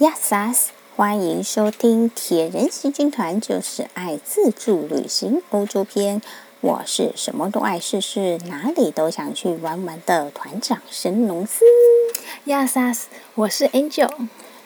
Yasas，歡迎收聽《鐵人行軍團就是愛自助旅行歐洲篇》。我是什麼都愛試試，哪裡都想去玩玩的團長神農司。Yasas，我是 Angel，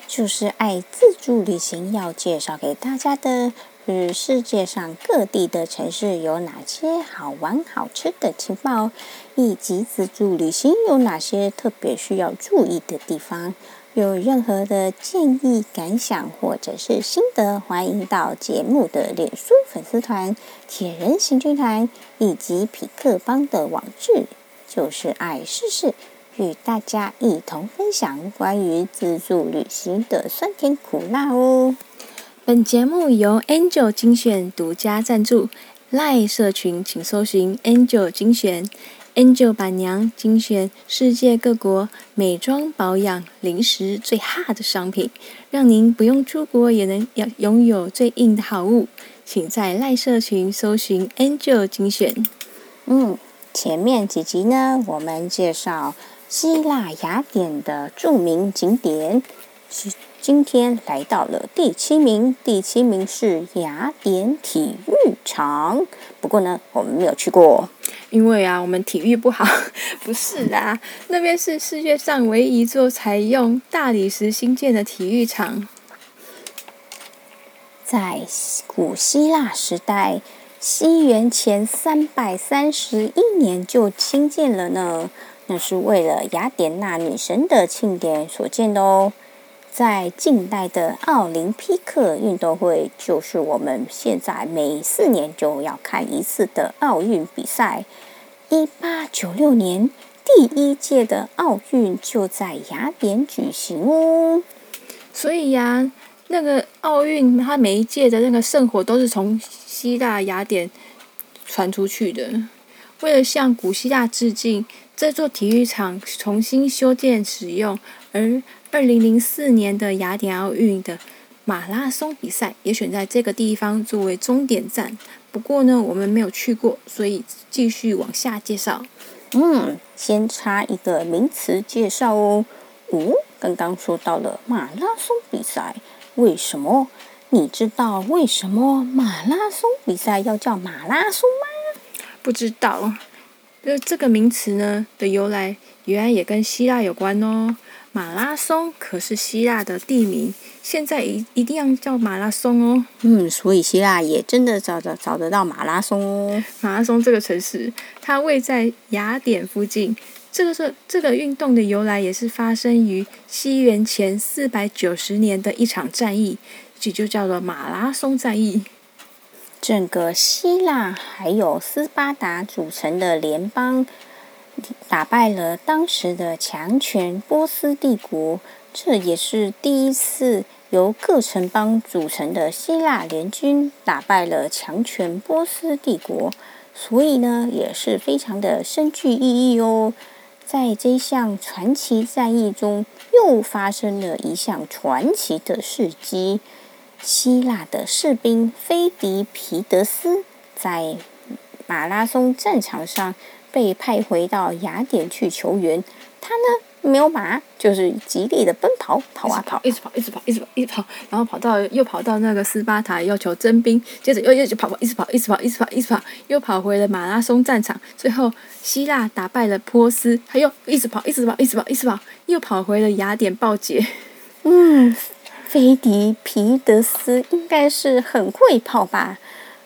就是愛自助旅行。要介紹給大家的是世界上各地的城市有哪些好玩好吃的情報，以及自助旅行有哪些特別需要注意的地方。有任何的建議、感想，或者是心得，歡迎到節目的臉書粉絲團“鐵人行軍團”以及匹克幫的網誌，就是愛試試，與大家一同分享關於自助旅行的酸甜苦辣哦。本節目由 Angel 精選獨家贊助，LINE 社群請搜尋 Angel 精選。Angel 板娘精選世界各國美妝保養零食，最夯的商品，讓您不用出國也能擁擁有最硬的好物，請在賴社群搜尋 Angel 精選。嗯，前面幾集呢，我們介紹希臘雅典的著名景點，今天來到了第七名，第七名是雅典體育場，不過呢，我們沒有去過。因為啊，我們體育不好， 不是啦。那邊是世界上唯一一座採用大理石興建的體育場，在古希臘時代，西元前三百三十一年就興建了呢。那是為了雅典娜女神的慶典所建的哦。在近代的奧林匹克運動會，就是我們現在每四年就要看一次的奧運比賽。一八九六年第一屆的奧運就在雅典舉行哦。所以呀、啊，那個奧運它每一屆的那個聖火都是從希臘雅典傳出去的，為了向古希臘致敬，這座體育場重新修建使用而。二零零四年的雅典奧運的馬拉松比賽也選在這個地方作為終點站。不過呢，我們沒有去過，所以繼續往下介紹。嗯，先插一個名詞介紹哦。五、哦，剛剛說到了馬拉松比賽，為什麼？你知道為什麼馬拉松比賽要叫馬拉松嗎？不知道。這這個名詞呢的由來，原來也跟希臘有關哦。馬拉松可是希臘的地名，現在一一定要叫馬拉松哦。嗯，所以希臘也真的找找找得到馬拉松哦。馬拉松這個城市，它位在雅典附近。這個是這個運動的由來，也是發生於西元前四百九十年的一場戰役，這就叫做馬拉松戰役。整個希臘還有斯巴達組成的聯邦。打敗了當時的強權波斯帝國，這也是第一次由各城邦組成的希臘聯軍打敗了強權波斯帝國，所以呢也是非常的深具意義哦。在這項傳奇戰役中，又發生了一項傳奇的事蹟：希臘的士兵菲迪皮德斯在馬拉松戰場上，被派回到雅典去求援，他呢沒有馬，就是極力的奔跑，跑啊跑，一直跑，一直跑，一直跑，一直跑，然後跑到又跑到那個斯巴達要求徵兵，接着又又就跑跑，一直跑，一直跑，一直跑，一直跑，又跑回了馬拉松戰場，最後希臘打敗了波斯，他又一直跑，一直跑，一直跑，一直跑，又跑回了雅典報捷。嗯，菲迪皮德斯應該是很會跑吧，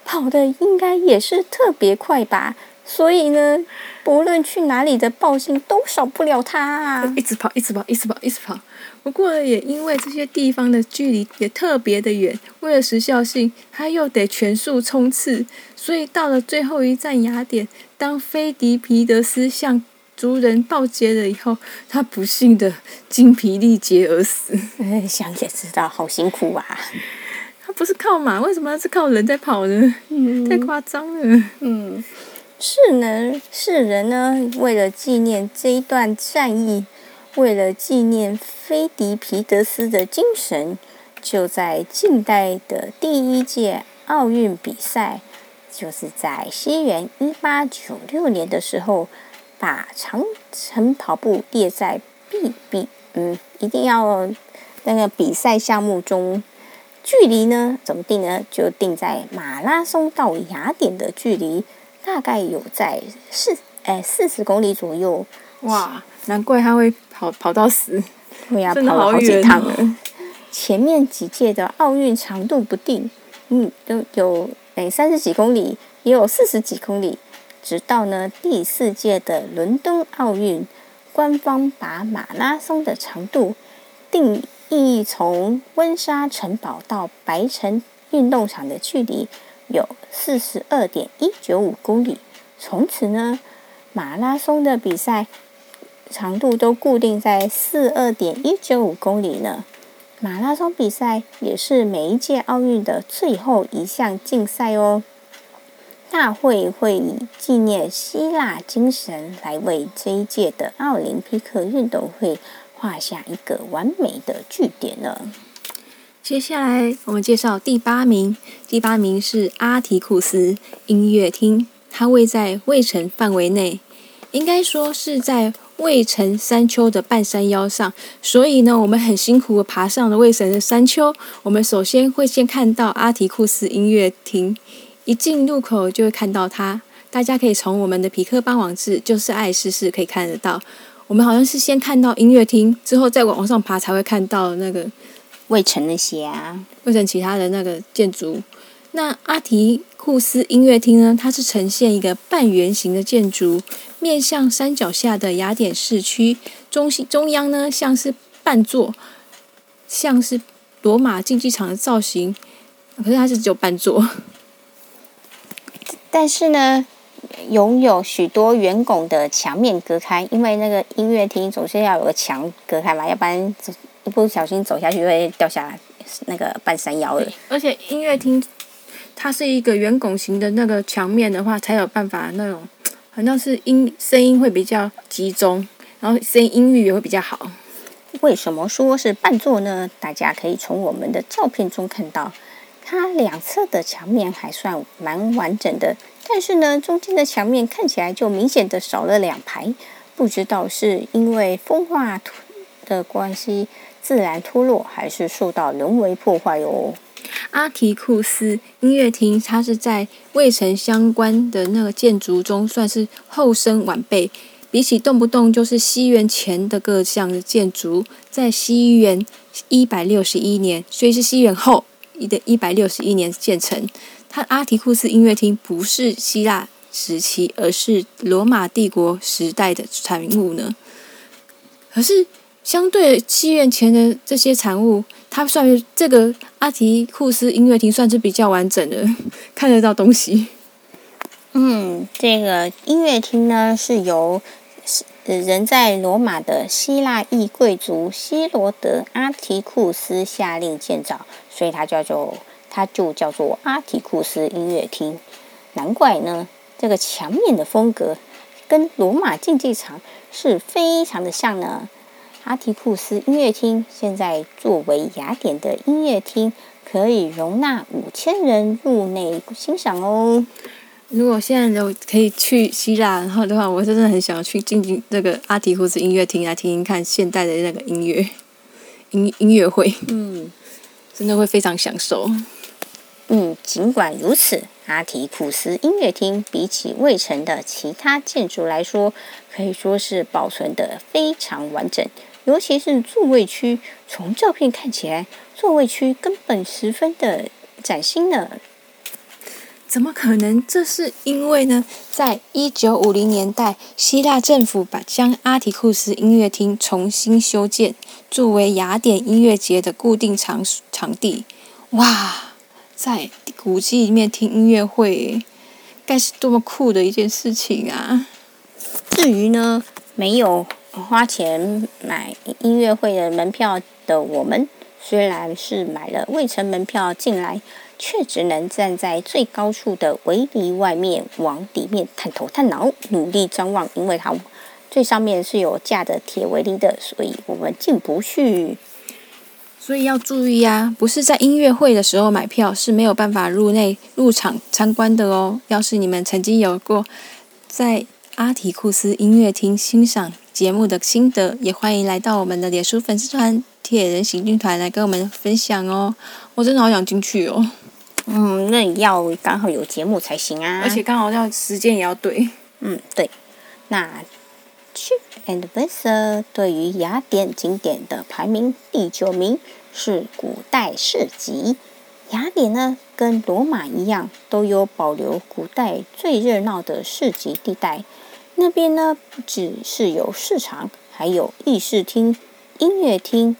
跑得應該也是特別快吧。所以呢，不論去哪裡的報信都少不了他啊。一直跑，一直跑，一直跑，一直跑。不過也因為這些地方的距離也特別的遠，為了時效性，他又得全速衝刺。所以到了最後一站雅典，當菲迪皮德斯向族人報捷了以後，他不幸的精疲力竭而死。哎，嗯，想也知道，好辛苦啊！他不是靠馬，為什麼他是靠人在跑呢？嗯，太誇張了。嗯。是呢，是人呢。為了紀念這一段戰役，為了紀念菲迪皮德斯的精神，就在近代的第一屆奧運比賽，就是在西元一八九六年的時候，把長程跑步列在必、必嗯一定要那個比賽項目中。距離呢怎麼定呢？就定在馬拉松到雅典的距離。大概有在四誒四十公里左右。哇，難怪他會跑跑到死，對呀、啊，哦、跑了好幾趟了。前面幾屆的奧運長度不定，嗯，都有誒三十幾公里，也有四十幾公里。直到呢第四屆的倫敦奧運，官方把馬拉松的長度定義從溫莎城堡到白城運動場的距離。有四十二點一九五公里。從此呢，馬拉松的比賽長度都固定在四二點一九五公里呢。馬拉松比賽也是每一屆奧運的最後一項競賽哦。大會會以紀念希臘精神來為這一屆的奧林匹克運動會畫下一個完美的句點呢。接下來，我們介紹第八名。第八名是阿提庫斯音樂廳，它位在衛城範圍內，應該說是在衛城山丘的半山腰上。所以呢，我們很辛苦的爬上了衛城的山丘。我們首先會先看到阿提庫斯音樂廳，一進入口就會看到它。大家可以從我們的痞客邦網志《就是愛試試》可以看得到，我們好像是先看到音樂廳，之後再往往上爬才會看到那個。衛城那些啊，衛城其他的那個建築，那阿提庫斯音樂廳呢？它是呈現一個半圓形的建築，面向山腳下的雅典市區，中心中央呢，像是半座，像是羅馬競技場的造型，可是它是只有半座。但是呢，擁有許多圓拱的牆面隔開，因為那個音樂廳總是要有個牆隔開嘛，要不然。一不小心走下去就會掉下來，那個半山腰了。而且音樂廳，它是一個圓拱形的那個牆面的話，才有辦法那種，好像是音聲音會比較集中，然後聲音，音域也會比較好。為什麼說是半座呢？大家可以從我們的照片中看到，它兩側的牆面還算蠻完整的，但是呢，中間的牆面看起來就明顯的少了兩排，不知道是因為風化土的關係。自然脫落還是受到人為破壞喲。阿提庫斯音樂廳，它是在衛城相關的那個建築中算是後生晚輩，比起動不動就是西元前的各項的建築，在西元一百六十一年，所以是西元後一的一百六十一年建成，它阿提庫斯音樂廳不是希臘時期，而是羅馬帝國時代的產物呢。可是。相對戲院前的這些產物，它算是這個阿提庫斯音樂廳算是比較完整的，看得到東西。嗯，這個音樂廳呢是由、呃、人在羅馬的希臘裔貴族希羅德·阿提庫斯下令建造，所以它叫做，它就叫做阿提庫斯音樂廳。難怪呢，這個牆面的風格跟羅馬競技場是非常的像呢。阿提庫斯音樂廳現在作為雅典的音樂廳，可以容納五千人入內欣賞哦。如果現在就可以去希臘，然後的話，我真的很想去進進這個阿提庫斯音樂廳來聽聽看現代的那個音樂，音音樂會。嗯，真的會非常享受。嗯，儘管如此，阿提庫斯音樂廳比起衛城的其他建築來說，可以說是保存得非常完整。尤其是座位區，從照片看起來，座位區根本十分的嶄新了。怎麼可能？這是因為呢，在一九五零年代，希臘政府把將阿提庫斯音樂廳重新修建，作為雅典音樂節的固定場場地。哇，在古蹟裡面聽音樂會，該是多麼酷的一件事情啊！至於呢，沒有。花錢買音樂會的門票的我們，雖然是買了衛城門票進來，卻只能站在最高處的圍籬外面，往裡面探頭探腦，努力張望，因為它最上面是有架的鐵圍籬的，所以我們進不去。所以要注意呀、啊，不是在音樂會的時候買票是沒有辦法入內入場參觀的哦。要是你們曾經有過在阿提庫斯音樂廳欣賞。節目的心得，也歡迎來到我們的臉書粉絲團“鐵人行軍團”來跟我們分享哦。我真的好想進去哦。嗯，嗯，那你要剛好有節目才行啊。而且剛好要時間也要對。嗯，對。那 TripAdvisor 對於雅典景點的排名第九名是古代市集。雅典呢，跟羅馬一樣，都有保留古代最熱鬧的市集地帶。那邊呢，不只是有市場，還有議事廳、音樂廳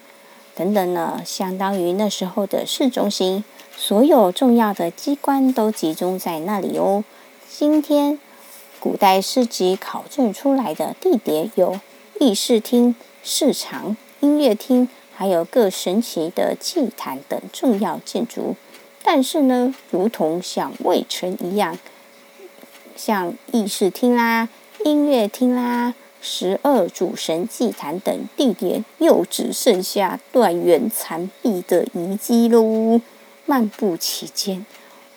等等呢，相當於那時候的市中心。所有重要的機關都集中在那裡哦。今天，古代史籍考證出來的地點有議事廳、市場、音樂廳，還有各神祇的祭壇等重要建築。但是呢，如同像衛城一樣，像議事廳啦、啊。音樂廳啦，十二主神祭壇等地點，又只剩下斷垣殘壁的遺跡嘍。漫步其間，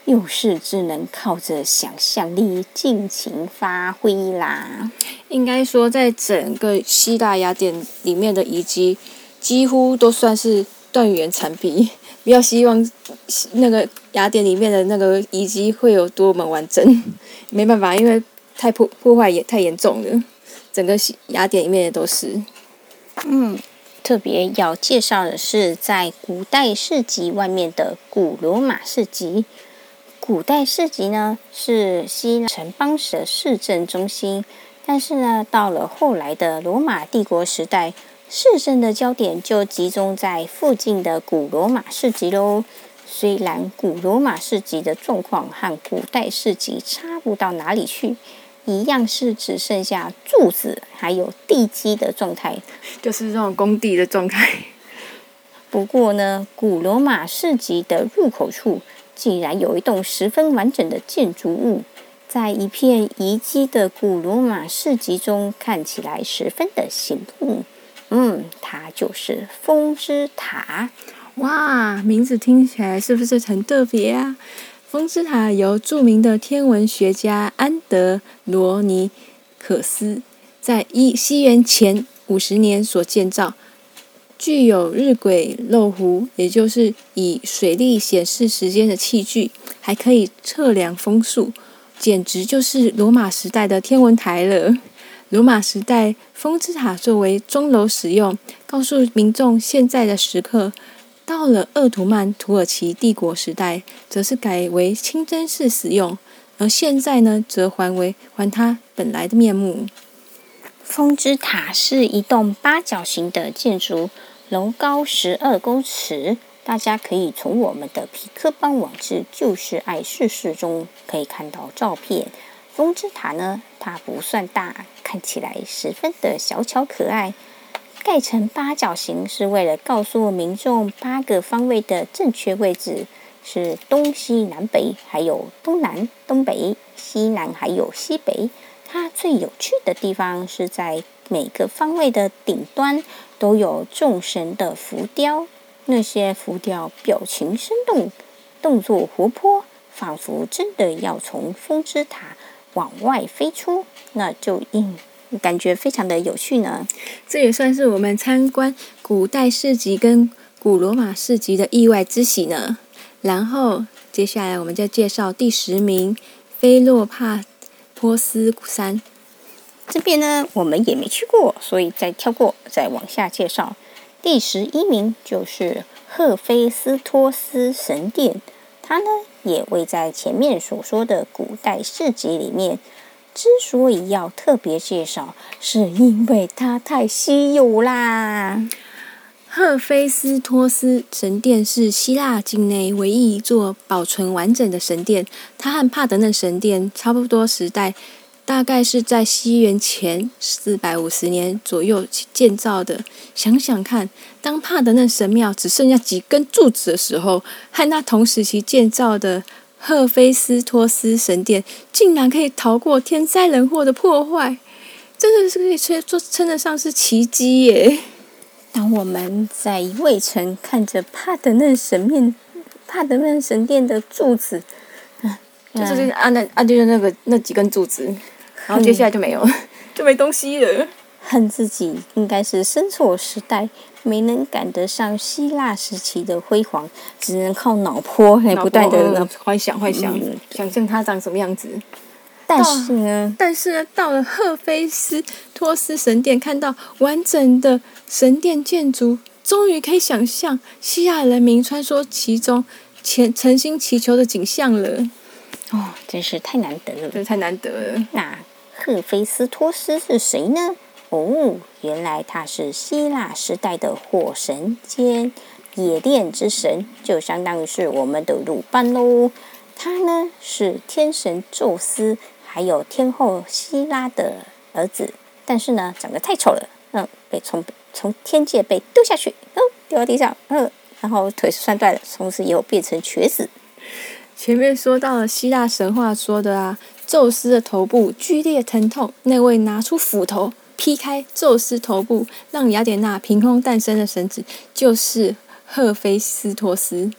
又是只能靠着想象力盡情發揮啦。應該說，在整個希臘雅典裡面的遺跡，幾乎都算是斷垣殘壁。不要希望那個雅典裡面的那個遺跡會有多麼完整，沒辦法，因為。太破破壞也太嚴重了，整個雅典裡面也都是。嗯，特別要介紹的是，在古代市集外面的古羅馬市集。古代市集呢，是希臘城邦的市政中心，但是呢，到了後來的羅馬帝國時代，市政的焦點就集中在附近的古羅馬市集嘍。雖然古羅馬市集的狀況和古代市集差不到哪裡去。一樣是只剩下柱子，還有地基的狀態，就是這種工地的狀態。 不過呢，古羅馬市集的入口處竟然有一棟十分完整的建築物，在一片遺跡的古羅馬市集中看起來十分的醒目。嗯，它就是風之塔。哇，名字聽起來是不是很特別啊？風之塔由著名的天文學家安德羅尼克斯在一西元前五十年所建造，具有日晷漏壺，也就是以水力顯示時間的器具，還可以測量風速，簡直就是羅馬時代的天文台了。羅馬時代，風之塔作為鐘樓使用，告訴民眾現在的時刻。到了鄂圖曼土耳其帝國時代，則是改為清真寺使用；而現在呢，則還為還它本來的面目。風之塔是一棟八角形的建築，樓高十二公尺。大家可以從我們的痞客邦網誌《就是愛試試》中可以看到照片。風之塔呢，它不算大，看起來十分的小巧可愛。蓋成八角形是為了告訴民眾八個方位的正確位置，是東西南北，還有東南、東北、西南，還有西北。它最有趣的地方是在每個方位的頂端都有眾神的浮雕，那些浮雕表情生動，動作活潑，仿佛真的要從風之塔往外飛出。那就應。感覺非常的有趣呢，這也算是我們參觀古代市集跟古羅馬市集的意外之喜呢。然後接下來我們就介紹第十名，菲洛帕托斯山，這邊呢我們也沒去過，所以再跳過，再往下介紹。第十一名就是赫菲斯托斯神殿，它呢也位在前面所說的古代市集裡面。之所以要特別介紹，是因為它太稀有啦。赫菲斯托斯神殿是希臘境內唯一一座保存完整的神殿，它和帕德嫩神殿差不多時代，大概是在西元前四百五十年左右建造的。想想看，當帕德嫩神廟只剩下幾根柱子的時候，和那同時期建造的。赫菲斯托斯神殿竟然可以逃過天災人禍的破壞，真的是可以稱做稱得上是奇蹟耶！當我們在衛城看着帕德嫩神面、帕德嫩神殿的柱子，啊、就,就是按那按就是那個那幾根柱子，然後接下來就沒有了，哼 就沒東西了，恨自己應該是生錯時代。沒能趕得上希臘時期的輝煌，只能靠腦波來波不斷的幻想、幻、嗯、想、想象它、嗯、長什麼樣子。但是呢，但是呢，到了赫菲斯托斯神殿，看到完整的神殿建築，終於可以想象希臘人民穿梭其中、虔誠心祈求的景象了。哦，真是太難得了，真是太難得了。那赫菲斯托斯是誰呢？哦，原來他是希臘時代的火神兼冶煉之神，就相當於是我們的魯班嘍。他呢是天神宙斯還有天後希拉的兒子，但是呢長得太醜了，嗯，被從從天界被丟下去，哦，掉到地上，嗯，然後腿摔斷了，從此以後變成瘸子。前面說到了希臘神話說的啊，宙斯的頭部劇烈疼痛，那位拿出斧頭。劈開宙斯頭部，讓雅典娜憑空誕生的神祇就是赫菲斯托斯。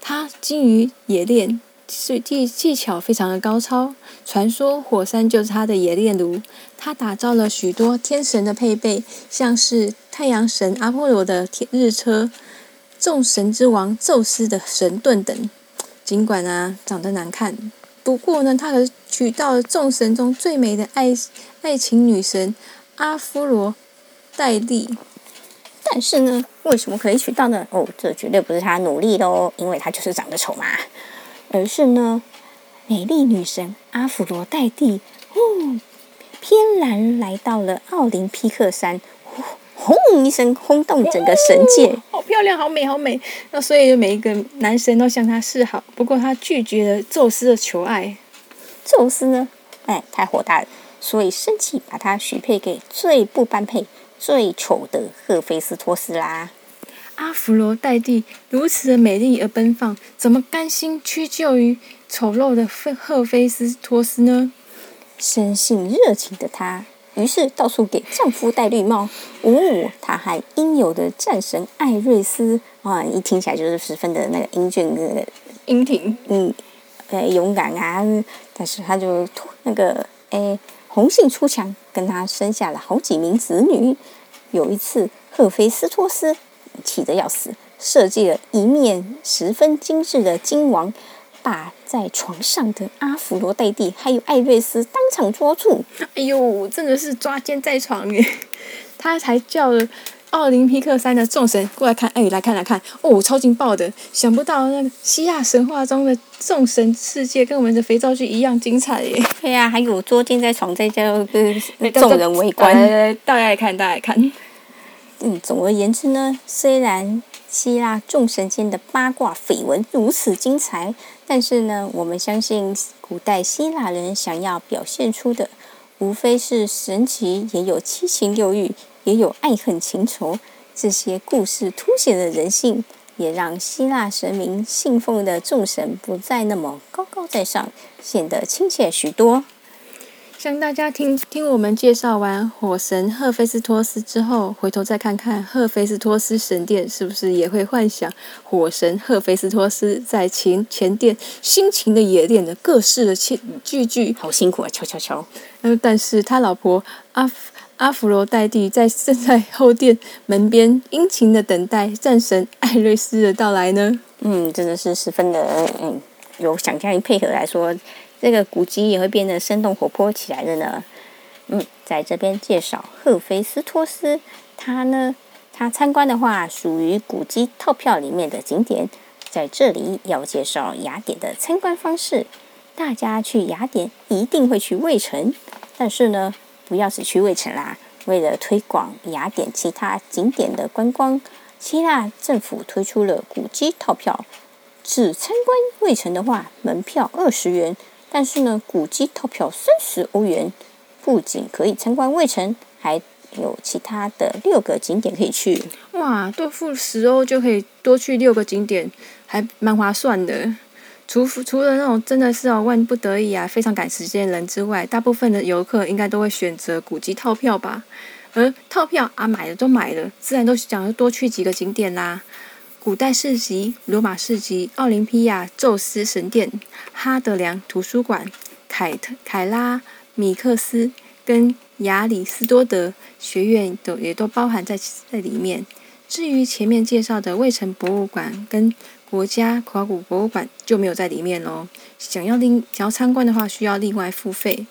他精於冶煉，技技技巧非常的高超。傳說火山就是他的冶煉爐。他打造了許多天神的配備，像是太陽神阿波羅的鐵日車、眾神之王宙斯的神盾等。儘管啊長得難看，不過呢，他可娶到了眾神中最美的愛愛情女神。阿芙羅黛蒂，但是呢，為什麼可以娶到呢？哦，這絕對不是他努力的哦，因為他就是長得醜嘛。而是呢，美麗女神阿芙羅黛蒂，哦，翩然來到了奧林匹克山，轟，轟一聲轟動整個神界。哦，好漂亮，好美，好美。那所以就每一個男神都向她示好，不過她拒絕了宙斯的求愛。宙斯呢？哎，太火大了。所以生氣，把她許配給最不般配、最醜的赫菲斯托斯啦。阿芙羅黛蒂如此的美麗而奔放，怎麼甘心屈就於醜陋的赫菲斯托斯呢？生性熱情的她，於是到處給丈夫戴綠帽。嗚嗚，她還應有的戰神艾瑞斯啊、哦，一聽起來就是十分的那個英俊的，英挺。嗯，呃，勇敢啊，但是他就那個誒紅杏出牆，跟他生下了好幾名子女。有一次，赫菲斯托斯氣得要死，設計了一面十分精緻的金網，把在床上的阿弗羅黛蒂還有艾瑞斯當場捉住。哎呦，真的是抓奸在床耶！他才叫。奧林匹克山的眾神過來看，哎，來看來看哦，超勁爆的！想不到那個希臘神話中的眾神世界，跟我們的肥皂劇一樣精彩耶！對呀、啊，還有捉奸在床，在叫眾、呃、家人圍觀大，大家來看，大家來看。嗯，總而言之呢，雖然希臘眾神間的八卦緋聞如此精彩，但是呢，我們相信古代希臘人想要表現出的，無非是神祇，也有七情六欲。也有愛恨情仇，這些故事凸顯了人性，也讓希臘神明信奉的眾神不再那麼高高在上，顯得親切許多。向大家聽聽我們介紹完火神赫菲斯托斯之後，回頭再看看赫菲斯托斯神殿，是不是也會幻想火神赫菲斯托斯在前前殿辛勤的冶煉的各式的器器具？好辛苦啊！敲敲敲。嗯，但是他老婆阿、阿芙蘿黛蒂在正在後殿門邊殷勤的等待戰神艾瑞斯的到來呢。嗯，真的是十分的，嗯，有想象力，配合來說，這個古蹟也會變得生動活潑起來的呢。嗯，在這邊介紹赫菲斯托斯，他呢，他參觀的話屬於古蹟套票裡面的景點。在這裡要介紹雅典的參觀方式，大家去雅典一定會去衛城，但是呢。不要只去衛城啦！為了推廣雅典其他景點的觀光，希臘政府推出了古蹟套票。只參觀衛城的話，門票二十元，但是呢，古蹟套票三十歐元，不僅可以參觀衛城，還有其他的六個景點可以去。哇，多付十歐就可以多去六個景點，還蠻划算的。除除了那種真的是哦萬不得已啊非常趕時間的人之外，大部分的遊客應該都會選擇古蹟套票吧。而套票啊買了都買了，自然都是想要多去幾個景點啦、啊。古代市集、羅馬市集、奧林匹亞宙斯神殿、哈德良圖書館、凱特凱拉米克斯跟亞里斯多德學院都也都包含在在裡面。至於前面介紹的衛城博物館跟。國家考古博物館就沒有在裡面嘍。想要另，想要參觀的話，需要另外付費。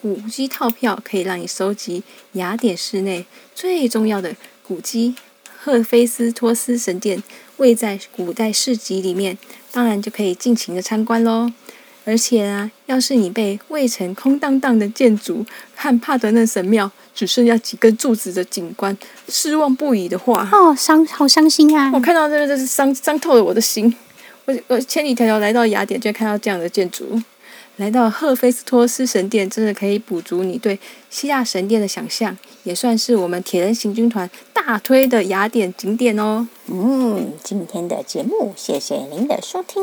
古蹟套票可以讓你收集雅典市內最重要的古蹟，赫菲斯托斯神殿位在古代市集裡面，當然就可以盡情的參觀嘍。而且啊，要是你被衛城空蕩蕩的建築和帕德嫩神廟只剩下幾根柱子的景觀失望不已的話，哦，傷，好傷心啊！我看到這個，就是傷傷透了我的心。我我千里迢迢來到雅典，就看到這樣的建築。來到赫菲斯托斯神殿，真的可以補足你對希臘神殿的想象，也算是我們鐵人行軍團大推的雅典景點哦。嗯，今天的節目，謝謝您的收聽。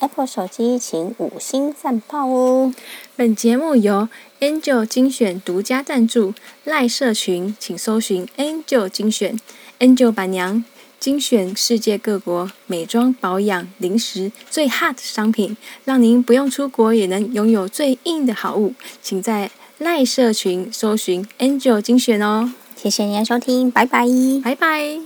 Apple 手機請五星讚爆哦！本節目由 Angel 精選獨家贊助，賴社群請搜尋 Angel 精選。Angel 板娘精選世界各國美妝保養零食最 hot 的商品，讓您不用出國也能擁有最硬的好物，請在賴社群搜尋 Angel 精選哦。謝謝您的收聽，拜拜！拜拜。